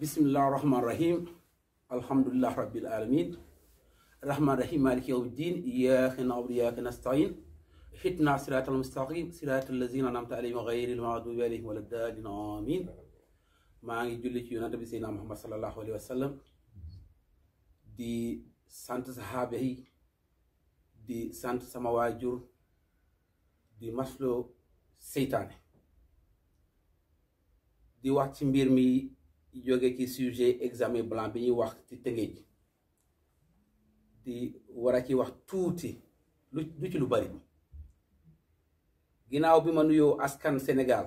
بسم الله الرحمن الرحيم الحمد لله رب العالمين الرحمن الرحيم مالك يوم الدين إياك نعبد إياك نستعين اهدنا صراط المستقيم صراط الذين أنعمت عليهم غير المغضوب عليهم ولا الضالين آمين ما جولي في سيدنا محمد صلى الله عليه وسلم دي سانت صحابه دي سانت سماواجور دي مسلو سيطاني دي وقت مبير مي a un sujet examen blanc bi ñuy wax ci Il di war a ci wax tuuti lu lu ci lu bari ginnaaw bi ma Sénégal, askan Sénégal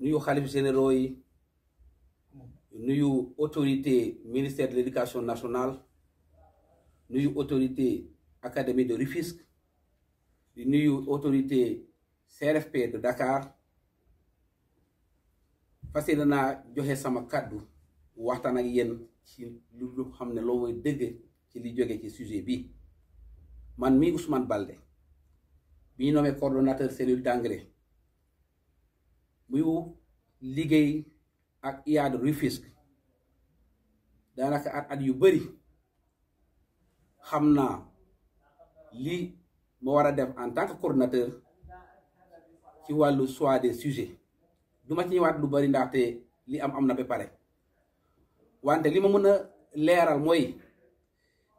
nuyu xalif généraux yi nuyu autorité ministère de l'éducation nationale nuyu autorité académie de Rufisque nous nuyu autorité CRFP de Dakar fas yéene naa joxe sama kàddu waxtaan ak yéen ci lu xam ne loo mooy dëgg ci li jóge ci sujet bi man mi Ousmane Balde bi ñu nommé coordonnateur cellule d'anglais muy liggéey ak IAD daa daanaka at at yu bari xam naa li ma war a def en tant que coordonnateur ci wàllu choix de sujets du ma ci ñëwaat lu bari ndaxte li am am na ba pare wante li ma mën a leeral mooy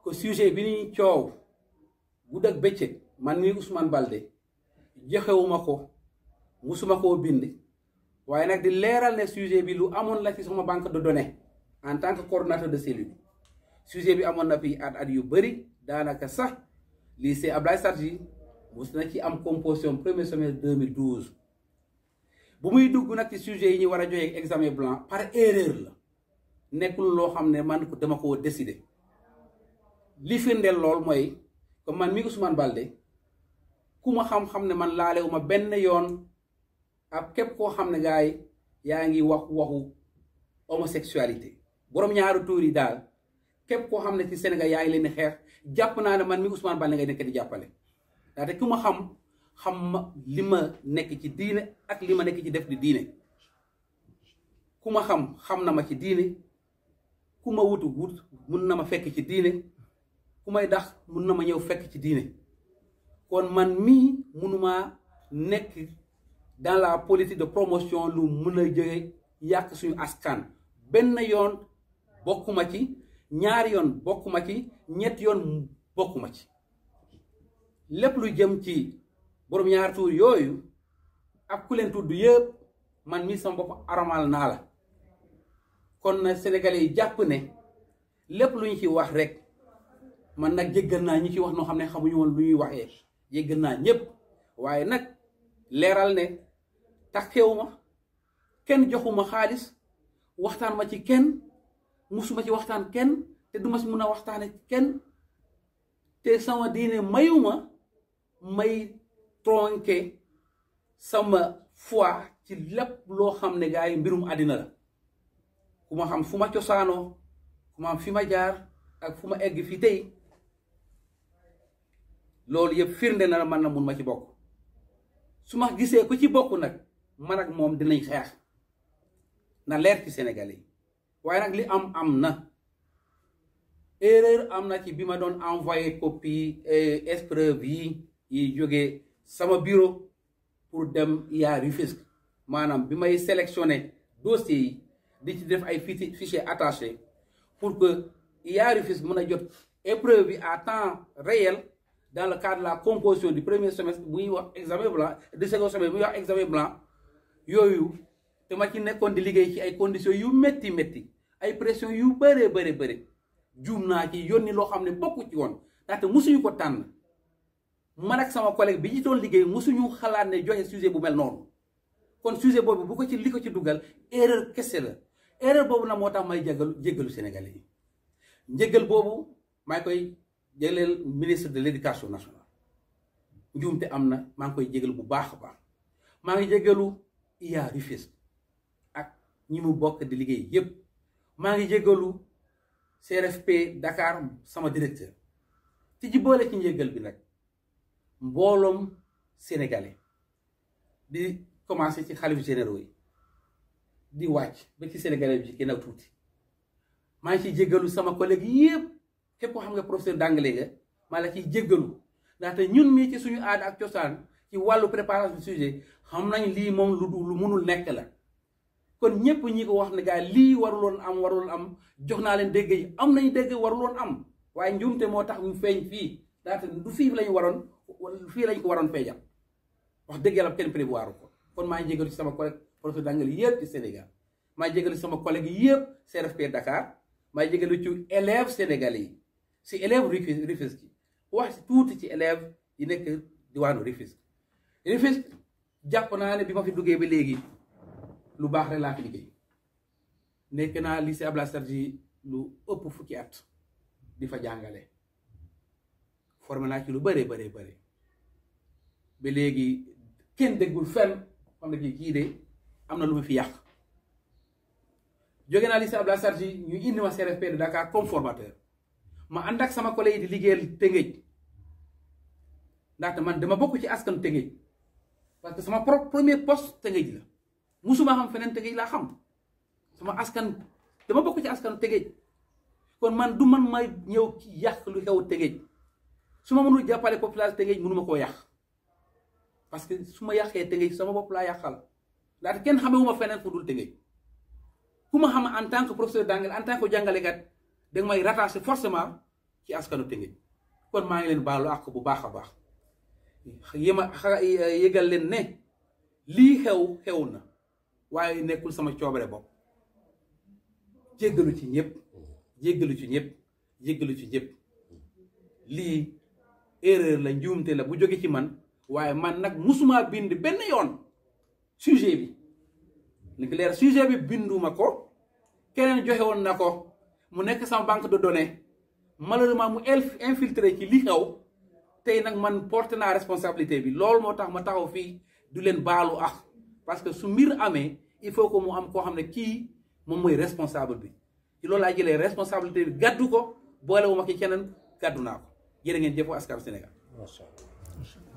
que sujet bi ñuy coow gudd ak bëccëg man mii Ousmane Balde joxewuma ko musuma koo bind waaye nag di leeral ne sujet bi lu amoon la ci sama banque de données en tant que coordonnateur de cellule sujet bi amoon na fi at at yu bëri daanaka sax lycée Abdoulaye Sadji mus na ci am composition premier semestre 2012 bu muy dugg nag ci sujet yi ñu war a joxe examen blanc par erreur la nekkul loo xam ne man dama koo décider li firndeel lool mooy comme man mi Ousmane Balde ku ma xam-xam ne man laalewuma benn yoon ak képp koo xam ne gars yaa ngi wax waxu homosexualité borom ñaari tuur yi daal képp koo xam ne ci Sénégal yaa ngi leen di xeex jàpp naa ne man mi Ousmane Balde ngay nekk di jàppale ndaxte ku ma xam. xam ma li ma nekk ci diine ak li ma nekk ci def di diine ku ma xam xam na ma ci diine ku ma wutu wut mun na ma fekk ci diine ku may dax mun na ma ñëw fekk ci diine kon man mii munumaa nekk dans la politique de promotion lu mun a jóge yàq suñu askan benn yoon bokkuma ci ñaar yoon bokkuma ci ñett yoon bokkuma ci lépp lu jëm ci borom ñaar tuur yooyu ak ku leen tudd yépp man mi sama bopp aramal naa la kon na sénégalais yi jàpp ne lépp lu ñu ci wax rekk man nag jéggal naa ñi ci wax noo xam ne xamuñu woon lu ñuy waxee jéggal naa ñëpp waaye nag leeral ne taxewu ma kenn joxuma xaalis waxtaan ma ci kenn musuma ci waxtaan kenn te duma si mun a waxtaane kenn te sama diine mayuma may tronqué sama foi ci lépp loo xam ne gars yi mbirum àddina la ku ma xam fu ma cosaanoo ku xam fi ma jaar ak fu ma egg fi tey loolu yëpp firnde na la man na mun ma ci bokk su ma gisee ku ci bokk nag man ak moom dinañ xeex na leer ci Sénégalais waaye nag li am am na erreur am na ci bi ma doon envoyé copie et eh, épreuve yi yi jógee sama bureau pour dem yaa Rufisque maanaam bi may sélectionné dossier di ci def ay fichier attaché pour que yaa Rufisque mën jot épreuve à temps réel dans le cadre de la composition du premier semestre bu examen blanc du second semestre bu wax examen blanc yooyu te ma ci nekkoon di liggéey ci ay conditions yu metti metti ay pression yu bëree bëri bëri djumna ci yoni lo xamné ne bokku ci woon ndaxte musuñu ko tànn man ak sama collègue bi ñu doon liggéey mosuñu xalaat ne joxe sujet bu mel noonu kon sujet boobu bu ko ci li ko ci dugal erreur kese la erreur boobu nag moo tax may jégalu jégalu Sénégalais yi njëgal boobu maa koy jégleel ministre de l' éducation nationale njuumte am na maa ngi koy jégalu bu baax a baax maa ngi jégalu IA Rufisque ak ñi mu bokk di liggéey yëpp maa ngi jégalu CRFP Dakar sama directeur ci boole ci njëgal bi nag. mbooloom sénégalais di commencé ci xalif généraux yi di wàcc ba ci sénégalais bi ci a tuuti maa ngi ciy jéggalu sama collègue yëpp képp koo xam nga professeur d'anglais nga maa la ciy jéggalu ndaxte ñun mii ci suñu aada ak cosaan ci wàllu préparation du sujet xam nañ lii moom lu du lu mënul nekk la kon ñëpp ñi ko wax ne gaa lii waruloon am waruloon am jox naa leen dégg yi am nañ dégg waruloon am waaye njuumte moo tax mu feeñ fii daanaka du fii lañu waroon fii lañ ko waroon feejal wax dëgg yàlla kenn prévoir ko kon maa ngi jégalu ci sama collègue professeur d'anglais yëpp ci Sénégal maa ngi jégalu ci sama collègue yëpp CRFP Dakar maa ngi jégalu ci élèves sénégalais yi ci élèves Rufisque tuuti ci élèves yi nekk diwaanu Rufisque jàpp naa ne bi ma fi duggee ba léegi lu baax rek laa fi liggéey nekk naa lycée Abdoulaye Sadji lu ëpp fukki at di fa jàngale formé ci lu bare bare bare ba léegi kenn déggul fenn xam ne kii de am na lu ma fi yàq jóge naa lycée Abdoulaye Sadji ñu indi ma CRFP de Dakar comme formateur ma ànd sama collègue di liggéeyal Tëngéej ndaxte man dama bokk ci askan Tëngéej parce que sama premier poste Tëngéej la musuma xam feneen Tëngéej laa xam sama askan dama bokk ci askan Tëngéej kon man du man may ñëw yàq lu xew Tëngéej su ma mënul jàppale population Tëngéej mënuma koo yàq parce que su ma yàqee Tëngéej sama bopp laa yàqal ndaxte kenn xamewuma feneen fu dul Tëngéej ku ma xam en tant que professeur d'anglais en tant que jàngalekat danga may rattaché forcement ci askanu Tëngéej kon maa ngi leen baalu àq bu baax a baax yéma yëgal leen ne lii xew xew na waaye nekkul sama coobare bopp jéggalu ci ñëpp jéggalu ci ñëpp jéggalu ci ñëpp lii erreur la njuumte la bu jóge ci man waaye man nag musuma bind benn yoon sujet bi léegi leer sujet bi binduma ko keneen joxe woon na ko mu nekk sama banque de données malheureusement mu infiltré ci li xew tey nag man porte naa responsabilité bi loolu moo tax ma taxaw fii du leen baalu ax parce que su mbir amee il faut que mu am koo xam ne kii moom mooy responsable bi ci loolu laa jëlee responsabilité bi gàddu ko boolewuma ki keneen gàddu naa ko. jërë ngeen jëf askan Sénégal. macha allah.